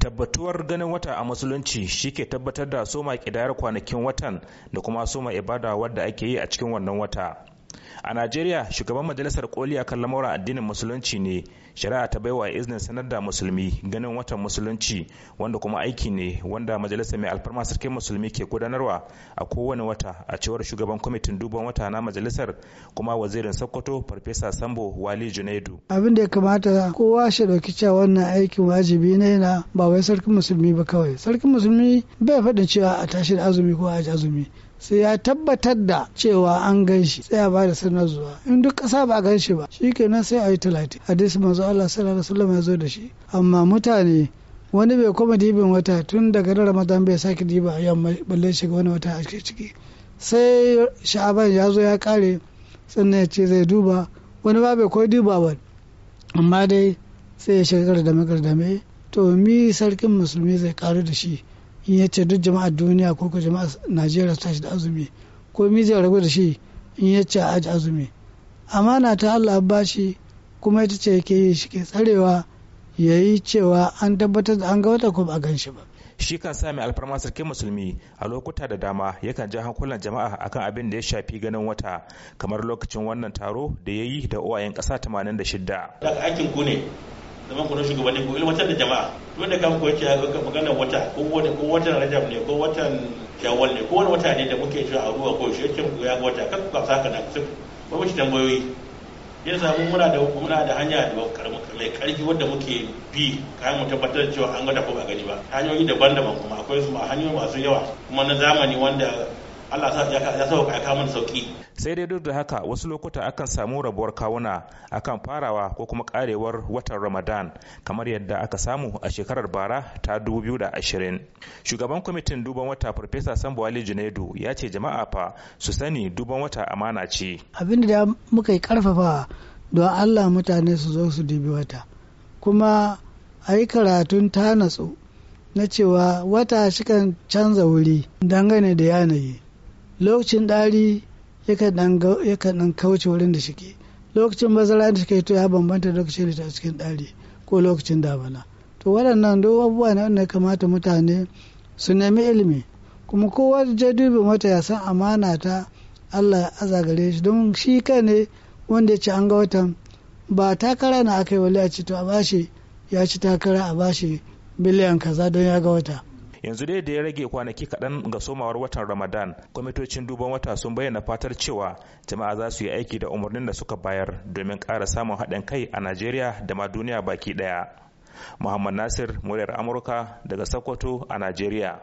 tabbatuwar ganin wata a musulunci shi ke tabbatar da soma kidayar kwanakin watan da kuma soma ibada wadda ake yi a cikin wannan wata a najeriya shugaban majalisar koli kan lamura addinin musulunci ne shari'a ta baiwa iznin sanar da musulmi ganin watan musulunci wanda kuma aiki ne wanda majalisar mai alfarma sarkin musulmi ke gudanarwa a kowane wata a cewar shugaban kwamitin duban wata na majalisar kuma wazirin sokoto farfesa sambo wali junaidu abin da ya kamata kowa shi dauki cewa wannan aikin wajibi na yana ba wai sarkin musulmi ba kawai sarkin musulmi bai faɗin cewa a tashi da azumi ko a azumi sai ya tabbatar da cewa an gan shi sai ya ba da su na zuwa in duk ƙasa ba a gan shi ba shi nan sai a yi talatin hadisi manzo Allah sallallahu alaihi wasallam ya zo da shi amma mutane wani bai kuma dibin wata tun daga na ramadan bai sake diba yamma balle shiga wani wata a ciki sai sha'aban ya zo ya kare sannan ya ce zai duba wani ba bai koyi duba ba amma dai sai ya shiga gardame gardame to mi sarkin musulmi zai karu da shi in ya ce duk jama'ar duniya ko ko jama'ar najeriya su shi da azumi ko mi zai rabu da shi in ya ce aji azumi amana ta Allah bashi kuma ita ce yake yi shi ke tsarewa ya yi cewa an tabbatar da an ga wata kuma a gan shi ba shi kan sami mai alfarma sarkin musulmi a lokuta da dama yakan ja hankulan jama'a akan abin da ya shafi ganin wata kamar lokacin wannan taro da ya yi da uwayen kasa 86 da aikin zaman kuna shugabanni ku ilmantar da jama'a duk da kan ku ga magana wata ko wani ko watan rajab ne ko watan shawwal ne ko wani wata ne da muke shi a ruwa ko shi yake ya ga wata kan ka saka na ku ba mu shi tambayoyi ya samu muna da muna da hanya da mai karfi wanda muke bi kayan mu tabbatar cewa an ga da ko ba gani ba hanyoyi daban-daban kuma akwai su ma hanyoyi masu yawa kuma na zamani wanda Allah ya sa ka kawo mana sauki sai dai duk da haka wasu lokuta akan samu rabuwar kawuna akan farawa ko kuma karewar watan Ramadan kamar yadda aka samu a shekarar bara ta 2020 shugaban kwamitin duban wata farfesa Sambo Ali Junaidu ya ce jama'a fa su sani duban wata amana ce abin da muka yi karfafa don Allah mutane su zo su dubi wata kuma a yi karatun ta natsu na cewa wata shikan canza wuri dangane da yanayi lokacin ɗari yakan ɗan kauce wurin da shike lokacin bazara da shike to ya bambanta lokacin da ta cikin ɗari ko lokacin damana to waɗannan duk abubuwa ne wanda kamata mutane su nemi ilimi kuma kowa je dubi mata ya san amana ta Allah a aza gare shi don shi ka ne wanda ya ci an ga watan ba takara na aka yi wali a ci to a bashi ya ci takara a bashi biliyan kaza don ya ga wata yanzu dai da ya rage kwanaki kaɗan ga somawar watan ramadan kwamitocin duban wata sun bayyana fatar cewa jama'a za su yi aiki da umarnin da suka bayar domin ƙara samun haɗin kai a najeriya da ma duniya baki ɗaya muhammad nasir muryar amurka daga sokoto a najeriya